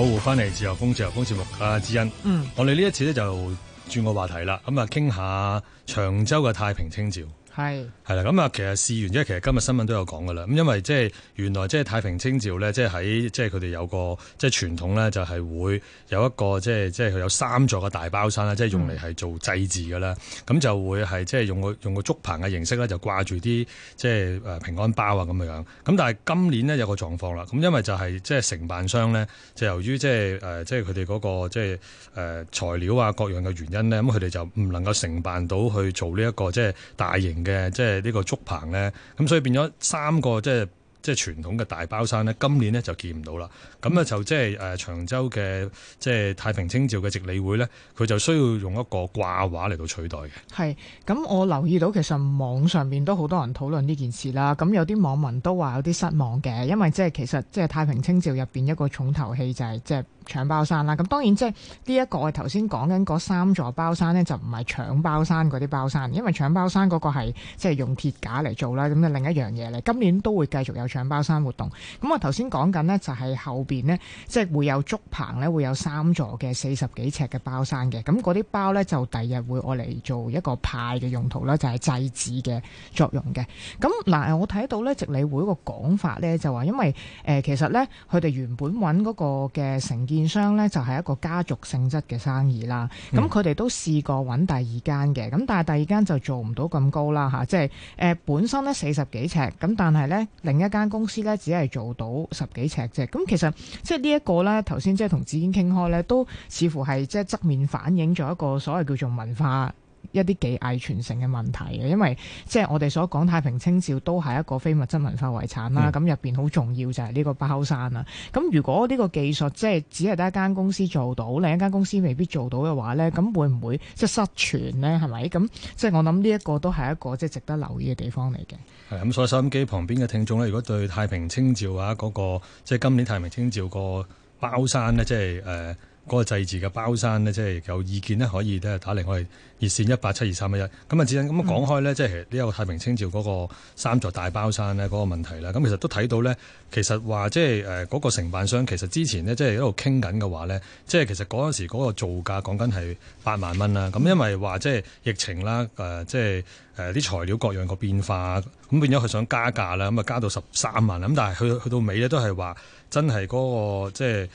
保護翻嚟自由風自由風節目啊！志欣嗯，我哋呢一次咧就轉個話題啦，咁啊，傾下長洲嘅太平清醮。係，係啦，咁啊，其實試完，因為其實今日新聞都有講噶啦，咁因為即係原來即係太平清醮咧，即係喺即係佢哋有個即係傳統咧，就係會有一個即係即係佢有三座嘅大包山啦，即係用嚟係做祭祀噶啦，咁、嗯、就會係即係用個用個竹棚嘅形式咧，就掛住啲即係誒平安包啊咁樣，咁但係今年呢，有個狀況啦，咁因為就係即係承辦商咧，就由於即係誒即係佢哋嗰個即係誒材料啊各樣嘅原因咧，咁佢哋就唔能夠承辦到去做呢一個即係大型。嘅即係呢個竹棚咧，咁所以變咗三個即係即係傳統嘅大包山咧，今年咧就見唔到啦。咁咧就即係誒長洲嘅即係太平清醮嘅值理會咧，佢就需要用一個掛畫嚟到取代嘅。係。咁我留意到其實網上面都好多人討論呢件事啦。咁有啲網民都話有啲失望嘅，因為即係其實即係太平清醮入邊一個重頭戲就係即係。搶包山啦，咁當然即係呢一個我頭先講緊嗰三座包山呢，就唔係搶包山嗰啲包山，因為搶包山嗰個係即係用鐵架嚟做啦，咁就另一樣嘢嚟。今年都會繼續有搶包山活動。咁我頭先講緊呢，就係後邊呢，即係會有竹棚呢，會有三座嘅四十幾尺嘅包山嘅。咁嗰啲包呢，就第日會我嚟做一個派嘅用途啦，就係祭祀嘅作用嘅。咁嗱，我睇到呢值理會個講法呢，就話，因為誒、呃、其實呢，佢哋原本揾嗰個嘅成建商咧就係一個家族性質嘅生意啦，咁佢哋都試過揾第二間嘅，咁但係第二間就做唔到咁高啦嚇、啊，即係誒、呃、本身咧四十幾尺，咁但係咧另一間公司咧只係做到十幾尺啫，咁、嗯、其實即係呢一個咧，頭先即係同子堅傾開咧，都似乎係即係側面反映咗一個所謂叫做文化。一啲技藝傳承嘅問題嘅，因為即係我哋所講太平清醮都係一個非物質文化遺產啦。咁入邊好重要就係呢個包山啊。咁如果呢個技術即係只係得一間公司做到，另一間公司未必做到嘅話會會呢，咁會唔會即係失傳呢？係咪？咁即係我諗呢一個都係一個即係值得留意嘅地方嚟嘅。係咁，所以收音機旁邊嘅聽眾呢，如果對太平清醮啊嗰個即係今年太平清醮個包山呢，嗯、即係誒。呃嗰個製字嘅包山呢，即係有意見咧，可以咧打嚟我哋熱線一八七二三一一。咁啊，志明，咁啊，講開咧，嗯、即係呢一個太平清醮嗰個三座大包山咧嗰個問題啦。咁其實都睇到咧，其實話即係誒嗰個承辦商其實之前咧即係一度傾緊嘅話咧，即係其實嗰陣時嗰個造價講緊係八萬蚊啦。咁因為話即係疫情啦，誒、呃、即係。誒啲材料各樣個變化，咁變咗佢想加價啦，咁啊加到十三萬啦，咁但係去去到尾咧都係話真係嗰個即係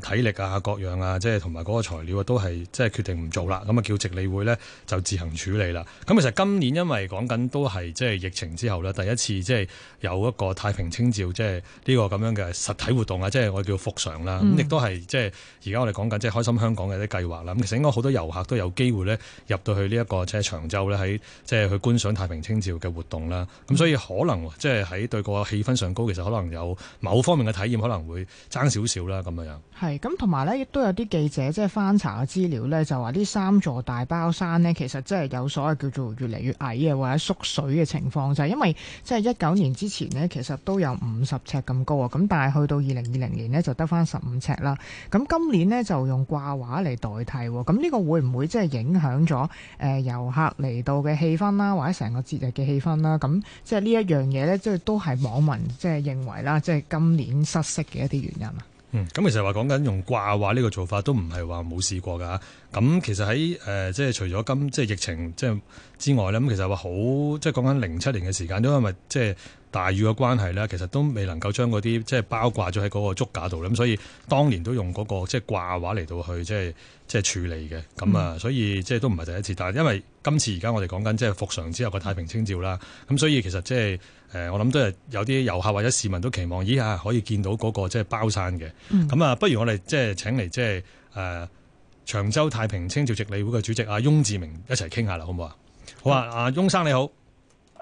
誒體力啊各樣啊，即係同埋嗰個材料啊都係即係決定唔做啦，咁啊叫值理會呢，就自行處理啦。咁其實今年因為講緊都係即係疫情之後咧，第一次即係有一個太平清醮即係呢個咁樣嘅實體活動啊，即係我叫復常啦，咁亦都係即係而家我哋講緊即係開心香港嘅啲計劃啦。咁其實應該好多遊客都有機會呢，入到去呢一個即係長洲咧喺即係去觀。觀賞太平清醮嘅活動啦，咁所以可能即係喺對個氣氛上高，其實可能有某方面嘅體驗可能會爭少少啦。咁樣樣，係，咁，同埋咧亦都有啲記者即係翻查嘅資料咧，就話呢三座大包山咧，其實真係有所謂叫做越嚟越矮啊，或者縮水嘅情況，就係因為即係一九年之前咧，其實都有五十尺咁高啊。咁但係去到二零二零年咧，就得翻十五尺啦。咁今年咧就用掛畫嚟代替，咁呢個會唔會即係影響咗誒遊客嚟到嘅氣氛啦？或者成個節日嘅氣氛啦，咁即係呢一樣嘢咧，即係都係網民即係認為啦，即係今年失色嘅一啲原因啊。嗯，咁其實說說話講緊用掛畫呢個做法都唔係話冇試過㗎。咁其實喺誒即係除咗今即係疫情即係之外咧，咁其實話好即係講緊零七年嘅時間都因為咪？即係。大雨嘅關係咧，其實都未能夠將嗰啲即係包掛咗喺嗰個竹架度，咁所以當年都用嗰、那個即係掛畫嚟到去即係即係處理嘅，咁啊，所以即係都唔係第一次。但係因為今次而家我哋講緊即係復常之後嘅太平清醮啦，咁所以其實即係誒，我諗都係有啲遊客或者市民都期望，咦下、啊、可以見到嗰、那個即係包山嘅，咁、嗯、啊，不如我哋即係請嚟即係誒長洲太平清醮值理會嘅主席阿翁志明一齊傾下啦，好唔好啊？好啊，阿翁、嗯啊啊、生你好。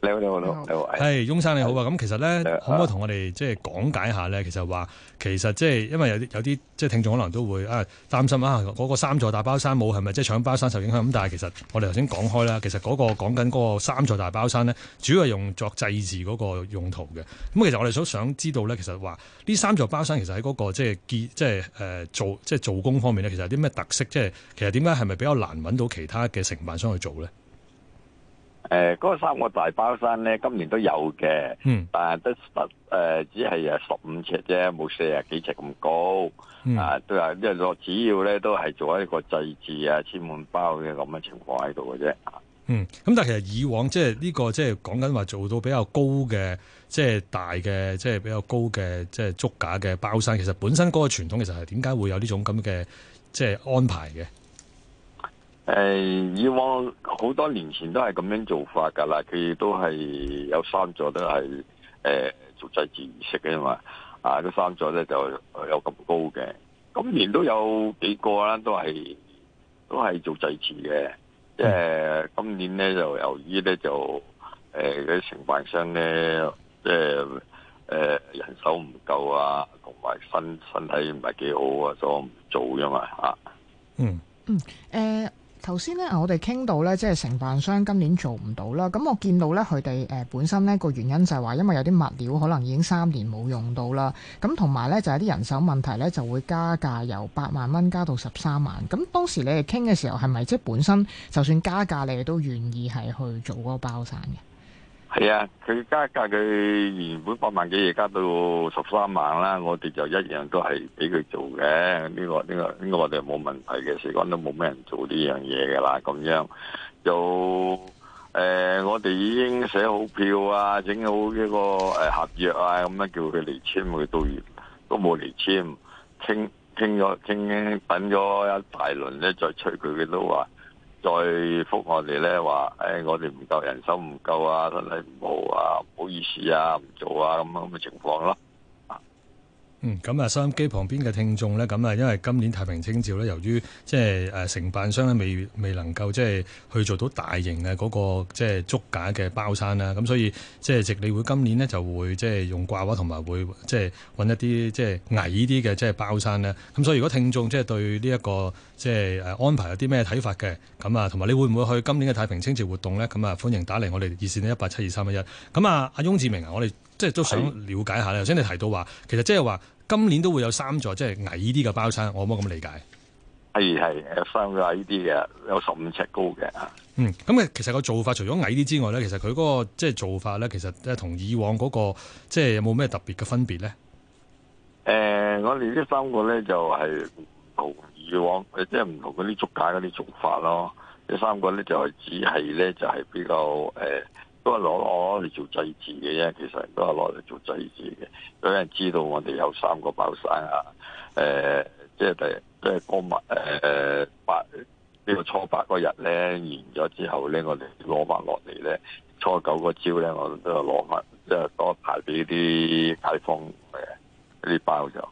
你好，你好，你好，係 Hey, 翁生你好啊！咁 Hey. 其實咧，Hey. 可唔可以同我哋即係講解下咧？其實話，其實即、就、係、是、因為有啲有啲即係聽眾可能都會啊擔心啊，嗰、啊那個三座大包山冇係咪即係搶包山受影響？咁、嗯、但係其實我哋頭先講開啦，其實嗰、那個講緊嗰個三座大包山咧，主要係用作祭祀嗰個用途嘅。咁、嗯、其實我哋所想知道咧，其實話呢三座包山其實喺嗰、那個即係建即係誒、呃、做即係做工方面咧，其實有啲咩特色？即係其實點解係咪比較難揾到其他嘅承辦商去做咧？誒，嗰、呃那個、三個大包山咧，今年都有嘅，嗯、但係得十誒，只係誒十五尺啫，冇四十幾尺咁高，啊、呃嗯，都係即係落，主要咧都係做一個祭祀啊，千碗包嘅咁嘅情況喺度嘅啫。嗯，咁但係其實以往即係呢個即係講緊話做到比較高嘅，即、就、係、是、大嘅，即、就、係、是、比較高嘅，即係竹架嘅包山，其實本身嗰個傳統其實係點解會有呢種咁嘅即係安排嘅？誒，以往好多年前都係咁樣做法噶啦，佢都係有三座都係誒、呃、做祭祀儀式嘅嘛，啊，三座咧就有咁高嘅，今年都有幾個啦，都係都係做祭祀嘅，即、呃、係今年咧就由於咧就誒嗰啲承辦商咧，即係誒人手唔夠啊，同埋身身體唔係幾好啊，所以唔做嘅嘛，吓、啊，嗯嗯，誒、嗯。呃頭先咧，我哋傾到咧，即係承辦商今年做唔到啦。咁我見到咧，佢哋誒本身咧個原因就係話，因為有啲物料可能已經三年冇用到啦。咁同埋咧，就係啲人手問題咧，就會加價由八萬蚊加到十三萬。咁當時你哋傾嘅時候，係咪即係本身就算加價，你哋都願意係去做嗰個包山嘅？係啊，佢加價，佢原本百萬幾而加到十三萬啦，我哋就一樣都係俾佢做嘅。呢、這個呢、這個呢個我哋冇問題嘅，時間，都冇咩人做呢樣嘢噶啦，咁樣就誒、呃，我哋已經寫好票啊，整好呢個誒合約啊，咁樣叫佢嚟簽，佢都都冇嚟簽，傾傾咗傾等咗一大輪咧，再催佢，佢都話。再覆我哋咧，話、哎、誒，我哋唔夠人手，唔夠啊，身體唔好啊，唔好意思啊，唔做啊，咁樣嘅情況咯。嗯，咁啊，收音機旁邊嘅聽眾咧，咁啊，因為今年太平清醮咧，由於即係誒承辦商咧未未能夠即係去做到大型嘅嗰個即係竹架嘅包山啦，咁所以即係值理會今年呢就會即係用掛畫同埋會即係揾一啲即係矮啲嘅即係包山咧。咁所以如果聽眾即係對呢一個即係誒安排有啲咩睇法嘅，咁啊，同埋你會唔會去今年嘅太平清醮活動咧？咁啊，歡迎打嚟我哋熱線一八七二三一一。咁啊，阿翁志明啊，我哋。即係都想了解下咧，頭先是你提到話，其實即係話今年都會有三座即係矮啲嘅包山。可唔可以咁理解？係係三個矮啲嘅有十五尺高嘅。嗯，咁啊，其實個做法除咗矮啲之外咧，其實佢嗰個即係做法咧，其實誒同以往嗰、嗰個即係有冇咩特別嘅分別咧？誒、呃，我哋呢三個咧就係同以往即係唔同嗰啲竹架嗰啲做法咯。呢三個咧就係只係咧就係、是、比較誒。呃都係攞攞嚟做祭祀嘅啫，其實都係攞嚟做祭祀嘅。有人知道我哋有三個包山啊？誒、呃，即、就、係、是、第即係過物誒誒八呢個初八嗰日咧，完咗之後咧，我哋攞埋落嚟咧，初九嗰朝咧，我哋都係攞翻，即係多派俾啲街坊誒啲包著。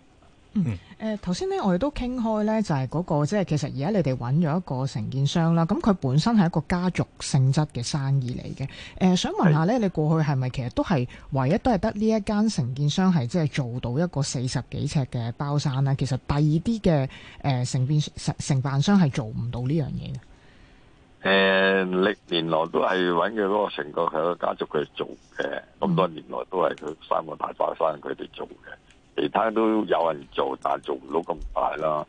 嗯，誒、呃，頭先咧，我哋都傾開咧，就係、是、嗰、那個即係其實而家你哋揾咗一個承建商啦，咁佢本身係一個家族性質嘅生意嚟嘅。誒、呃，想問下咧，你過去係咪其實都係唯一都係得呢一間承建商係即係做到一個四十幾尺嘅包山咧？其實第二啲嘅誒承建承承辦商係做唔到呢樣嘢嘅。誒、呃，歷年來都係揾嘅嗰個成個佢個家族佢做嘅，咁、嗯、多年來都係佢三個大包山佢哋做嘅。其他都有人做，但係做唔到咁快啦。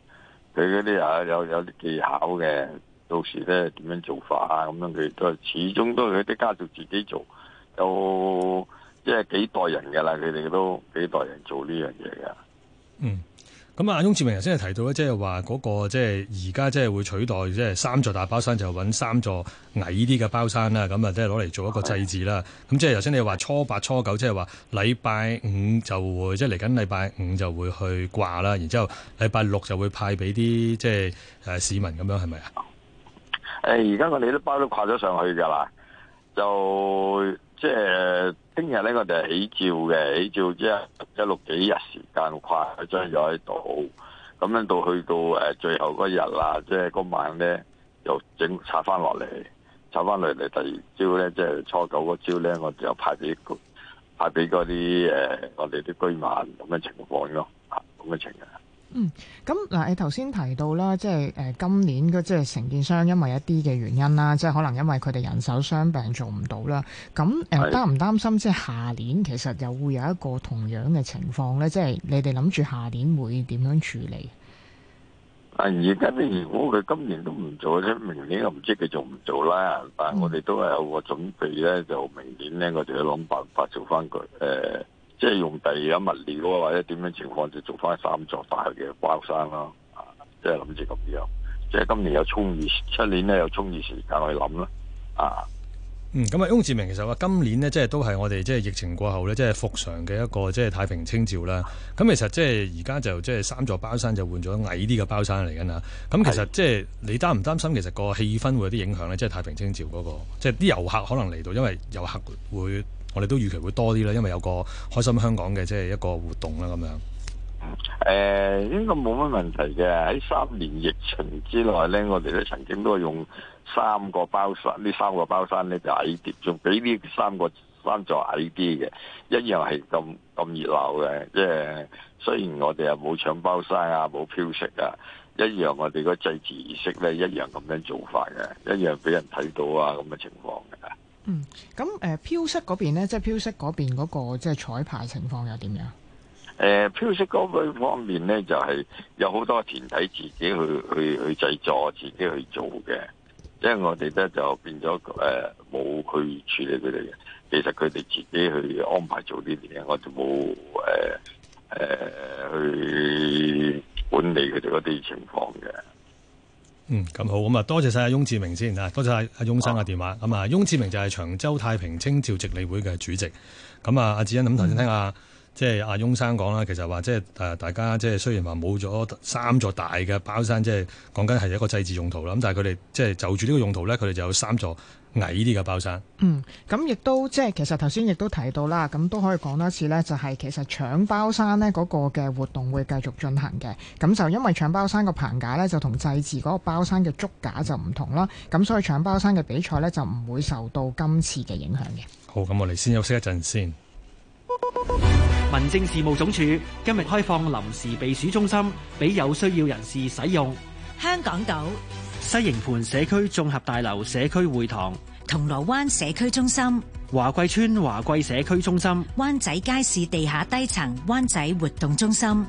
佢嗰啲啊，有有啲技巧嘅，到時咧點樣做法啊咁樣，佢都始終都係佢啲家族自己做，有即係幾代人噶啦，佢哋都幾代人做呢樣嘢噶。嗯。咁啊，翁志明頭先係提到咧，即係話嗰個即係而家即係會取代，即係三座大包山就搵三座矮啲嘅包山啦。咁啊，即係攞嚟做一個祭祀啦。咁即係頭先你話初八初九，即係話禮拜五就會，即係嚟緊禮拜五就會去掛啦。然之後禮拜六就會派俾啲即係誒市民咁樣，係咪啊？誒，而家我哋啲包都掛咗上去噶啦，就。即係聽日咧，我哋係起醮嘅，起醮即係一六幾日時間快將咗喺度，咁樣到去到誒最後嗰日啦，即係嗰晚咧，又整拆翻落嚟，拆翻落嚟第二朝咧，即係初九嗰朝咧，我哋又派俾派俾嗰啲誒我哋啲居民咁嘅情況咯，啊咁嘅情況。嗯，咁嗱，你頭先提到啦，即係誒，今年嘅即係承建商因為一啲嘅原因啦，即係可能因為佢哋人手傷病做唔到啦，咁誒擔唔擔心即係下年其實又會有一個同樣嘅情況咧？即係你哋諗住下年會點樣處理？啊，而家你如果佢今年都唔做咧，明年又唔知佢做唔做啦。但係我哋都係有個準備咧，就明年咧我哋要諗辦法做翻佢誒。呃即係用地啊，物料啊，或者點樣情況就做翻三座大嘅包山咯，啊，即係諗住咁樣，即係今年有充裕，出年咧有充裕時間去諗啦，啊，嗯，咁啊，翁志明其實話今年咧，即係都係我哋即係疫情過後咧，即係復常嘅一個即係太平清醮啦。咁其實即係而家就即係三座包山就換咗矮啲嘅包山嚟緊啦。咁其實即係你擔唔擔心其實個氣氛會有啲影響咧？即係太平清醮嗰個，即係啲遊客可能嚟到，因為遊客會。我哋都預期會多啲啦，因為有個開心香港嘅即係一個活動啦咁樣。誒、呃，應該冇乜問題嘅。喺三年疫情之內咧，我哋咧曾經都係用三個包山，呢三個包山咧就矮啲，仲比呢三個山座矮啲嘅。一樣係咁咁熱鬧嘅，即係雖然我哋又冇搶包山啊，冇飄色啊，一樣我哋個祭祀儀式咧一樣咁樣做法嘅，一樣俾人睇到啊咁嘅情況嘅。嗯，咁誒飄色嗰邊咧，即係飄色嗰邊嗰、那個即係彩排情況又點樣？誒飄色嗰方面咧，就係、是、有好多團體自己去去去，去製作，自己去做嘅。即係我哋咧就變咗誒冇去處理佢哋嘅，其實佢哋自己去安排做啲嘢，我就冇誒誒去管理佢哋嗰啲情況嘅。嗯，咁好，咁啊，多謝晒阿翁志明先，啊，多謝阿阿翁生嘅電話，咁啊哇，翁志明就係長洲太平清醮值理會嘅主席，咁啊，阿志欣咁頭先聽啊。嗯即係阿翁生講啦，其實話即係誒，大家即係雖然話冇咗三座大嘅包山，即係講緊係一個祭祀用途啦。咁但係佢哋即係就住呢個用途咧，佢哋就有三座矮啲嘅包山。嗯，咁亦都即係其實頭先亦都提到啦，咁都可以講多次咧，就係、是、其實搶包山咧嗰個嘅活動會繼續進行嘅。咁就因為搶包山個棚架咧，就同祭祀嗰個包山嘅竹架就唔同啦。咁所以搶包山嘅比賽咧，就唔會受到今次嘅影響嘅。好，咁我哋先休息一陣先。民政事務總署今日開放臨時避暑中心畀有需要人士使用，香港島西營盤社區綜合大樓社區會堂，銅鑼灣社區中心，華貴村華貴社區中心，灣仔街市地下低層灣仔活動中心，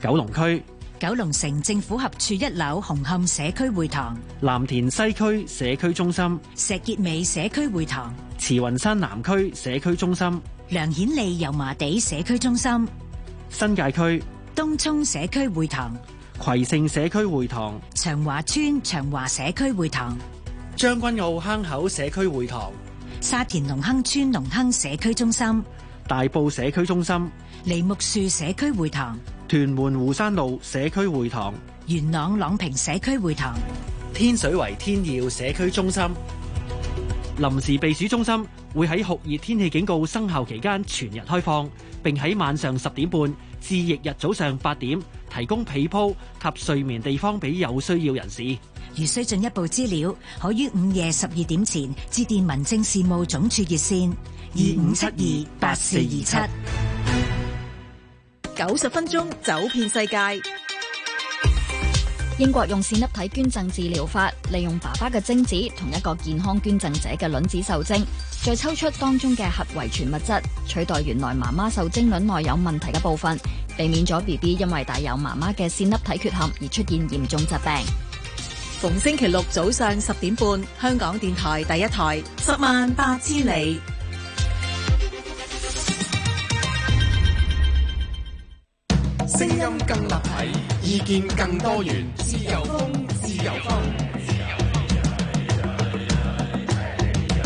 九龍區九龍城政府合處一樓，紅磡社區會堂，藍田西區社區中心，石硤尾社區會堂，慈雲山南區社區中心梁顯利油麻地社區中心，新界區東涌社區會堂，葵盛社區會堂，長華村長華社區會堂，將軍澳坑口社區會堂，沙田龍坑村龍坑社區中心，大埔社區中心，梨木樹社區會堂，屯門湖山路社區會堂，元朗朗平社區會堂，天水圍天耀社區中心。臨時避暑中心會喺酷熱天氣警告生效期間全日開放，並喺晚上十點半至翌日早上八點提供被鋪及睡眠地方俾有需要人士。如需進一步資料，可於午夜十二點前致電民政事務總處熱線二五七二八四二七。九十分鐘走遍世界。英國用線粒體捐贈治療法，利用爸爸嘅精子同一個健康捐贈者嘅卵子受精，再抽出當中嘅核遺傳物質，取代原來媽媽受精卵內有問題嘅部分，避免咗 BB 因為帶有媽媽嘅線粒體缺陷，而出現嚴重疾病。逢星期六早上十點半，香港電台第一台，十萬八千里。聲音更立體，意見更多元，自由風，自由風，自由風，自由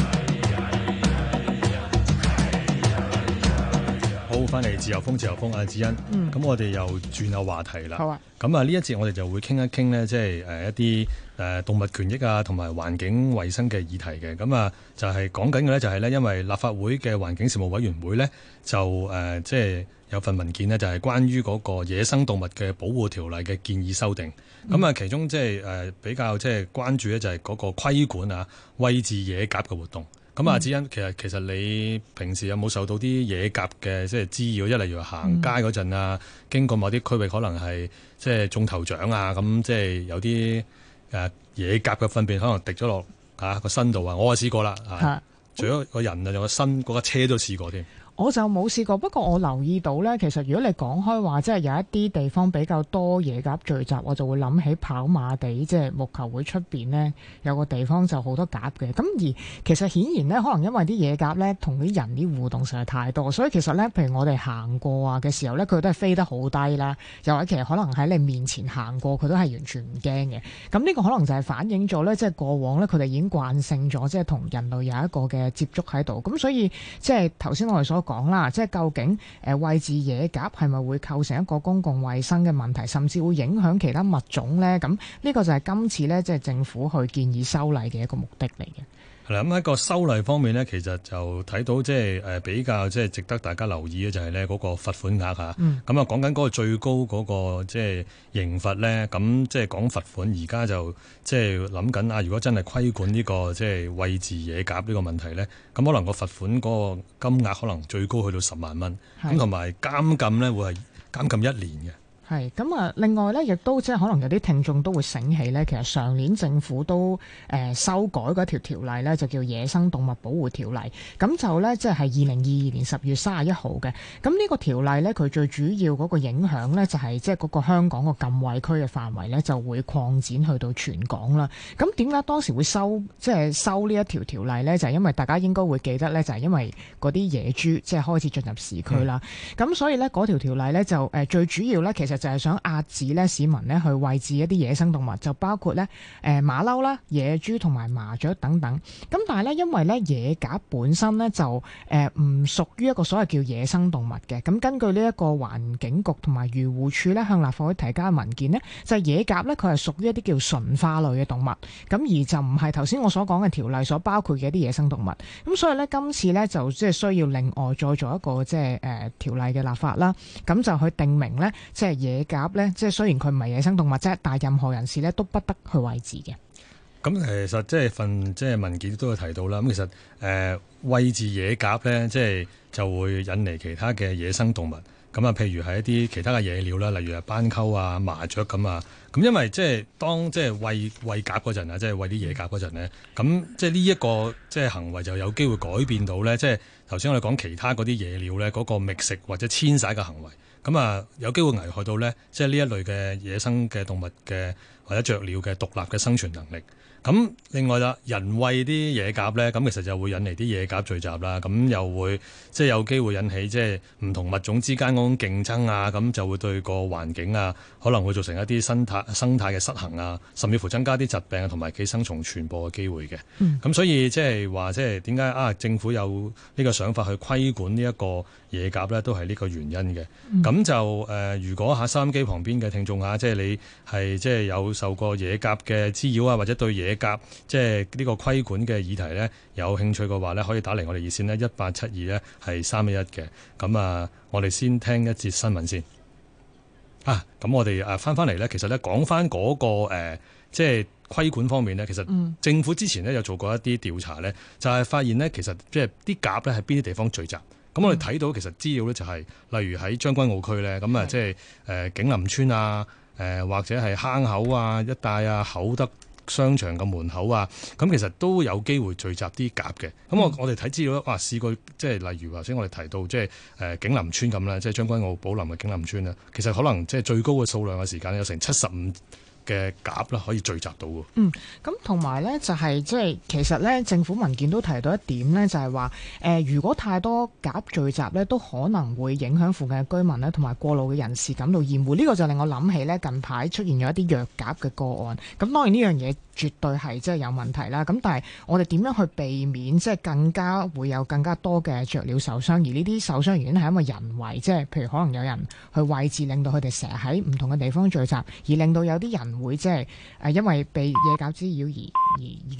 風。好，翻嚟自由風，自由風啊，子欣。嗯。咁我哋又轉下話題啦。好啊。咁啊，呢一節我哋就會傾一傾呢，即係誒一啲誒動物權益啊，同埋環境衛生嘅議題嘅。咁啊，就係講緊嘅咧，就係呢，因為立法會嘅環境事務委員會呢，就誒即係。有份文件呢，就係關於嗰個野生動物嘅保護條例嘅建議修訂。咁啊、嗯，其中即係誒比較即係關注咧，就係嗰個規管啊，餵飼野鴿嘅活動。咁啊、嗯，子欣，其實其實你平時有冇受到啲野鴿嘅即係滋擾？一例如行街嗰陣啊，嗯、經過某啲區域可能係即係中頭獎啊，咁即係有啲誒野鴿嘅糞便可能滴咗落嚇個身度啊！我啊試過啦，嚇，除咗個人啊，有個身，嗰架車都試過添。我就冇試過，不過我留意到呢，其實如果你講開話，即係有一啲地方比較多野鴿聚集，我就會諗起跑馬地，即係木球會出邊呢，有個地方就好多鴿嘅。咁而其實顯然呢，可能因為啲野鴿呢同啲人啲互動實在太多，所以其實呢，譬如我哋行過啊嘅時候呢，佢都係飛得好低啦，又或者其實可能喺你面前行過，佢都係完全唔驚嘅。咁呢個可能就係反映咗呢，即係過往呢，佢哋已經慣性咗，即係同人類有一個嘅接觸喺度。咁所以即係頭先我哋所講。講啦，即係究竟誒、呃、位置野鴿係咪會構成一個公共衛生嘅問題，甚至會影響其他物種呢？咁呢個就係今次呢即係政府去建議修例嘅一個目的嚟嘅。係啦，咁喺個修例方面咧，其實就睇到即係誒比較即係值得大家留意嘅就係咧嗰個罰款額嚇，咁啊講緊嗰個最高嗰個即係刑罰咧，咁即係講罰款，而家就即係諗緊啊，如果真係規管呢個即係餵飼野鴿呢個問題咧，咁可能個罰款嗰個金額可能最高去到十萬蚊，咁同埋監禁咧會係監禁一年嘅。係咁啊！另外咧，亦都即係可能有啲聽眾都會醒起咧，其實上年政府都誒、呃、修改嗰條條例咧，就叫《野生動物保護條例》。咁就咧、是，即係二零二二年十月三十一號嘅。咁呢個條例咧，佢最主要嗰個影響咧，就係即係嗰個香港個禁餵區嘅範圍咧，就會擴展去到全港啦。咁點解當時會收即係收呢一條條例呢？就是、因為大家應該會記得咧，就係因為嗰啲野豬即係開始進入市區啦。咁、嗯、所以咧，嗰條條例咧就誒、呃、最主要咧，其實。就係想壓止咧，市民咧去餵養一啲野生動物，就包括咧誒馬騮啦、野豬同埋麻雀等等。咁但係咧，因為咧野鴿本身咧就誒唔屬於一個所謂叫野生動物嘅。咁根據呢一個環境局同埋漁護署咧向立法會提交嘅文件咧，就係、是、野鴿咧佢係屬於一啲叫馴化類嘅動物。咁而就唔係頭先我所講嘅條例所包括嘅一啲野生動物。咁所以咧今次咧就即係需要另外再做一個即係誒條例嘅立法啦。咁就去定明咧即係。野鴿咧，即係雖然佢唔係野生動物啫，但係任何人士咧都不得去餵飼嘅。咁其實即係份即係文件都有提到啦。咁其實誒餵飼野鴿咧，即係就會引嚟其他嘅野生動物。咁啊，譬如係一啲其他嘅野鳥啦，例如係斑鳩啊、麻雀咁啊。咁因為即係當即係餵餵鴿嗰陣啊，即係餵啲野鴿嗰陣咧，咁即係呢一個即係行為就有機會改變到咧。即係頭先我哋講其他嗰啲野鳥咧，嗰個覓食或者遷徙嘅行為。咁啊，嗯，有機會危害到咧，即係呢一類嘅野生嘅動物嘅。或者雀鳥嘅獨立嘅生存能力。咁另外啦，人餵啲野鴿咧，咁其實就會引嚟啲野鴿聚集啦。咁又會即係、就是、有機會引起即係唔同物種之間嗰種競爭啊。咁就會對個環境啊，可能會造成一啲生態生態嘅失衡啊，甚至乎增加啲疾病啊，同埋寄生蟲傳播嘅機會嘅。咁、嗯、所以即係話即係點解啊？政府有呢個想法去規管呢一個野鴿咧，都係呢個原因嘅。咁、嗯、就誒、呃，如果喺收音機旁邊嘅聽眾啊，即、就、係、是、你係即係有。受過野鴿嘅滋擾啊，或者對野鴿即係呢個規管嘅議題呢，有興趣嘅話呢，可以打嚟我哋熱線咧，一八七二呢係三一一嘅。咁啊，我哋先聽一節新聞先。啊，咁我哋啊翻翻嚟呢，其實呢講翻嗰個、呃、即係規管方面呢，其實政府之前呢有做過一啲調查呢，嗯、就係發現呢，其實即係啲鴿呢係邊啲地方聚集。咁、嗯、我哋睇到其實資料呢就係、是，例如喺將軍澳區呢，咁啊即係誒景林村啊。誒或者係坑口啊一帶啊口德商場嘅門口啊，咁其實都有機會聚集啲鴿嘅。咁我我哋睇資料啊，試過即係例如頭先我哋提到即係誒景林村咁啦，即係將軍澳寶林嘅景林村啊，其實可能即係最高嘅數量嘅時間有成七十五。嘅鴨啦，可以聚集到喎。嗯，咁同埋呢，就係即係其實呢，政府文件都提到一點呢，就係話，誒，如果太多鴨聚集呢，都可能會影響附近嘅居民呢，同埋過路嘅人士感到厭惡。呢、這個就令我諗起呢近排出現咗一啲虐鴨嘅個案。咁當然呢樣嘢。絕對係即係有問題啦，咁但係我哋點樣去避免即係、就是、更加會有更加多嘅雀鳥受傷，而呢啲受傷原因係因為人為，即、就、係、是、譬如可能有人去位置令到佢哋成日喺唔同嘅地方聚集，而令到有啲人會即係誒因為被野狗滋擾而而而。而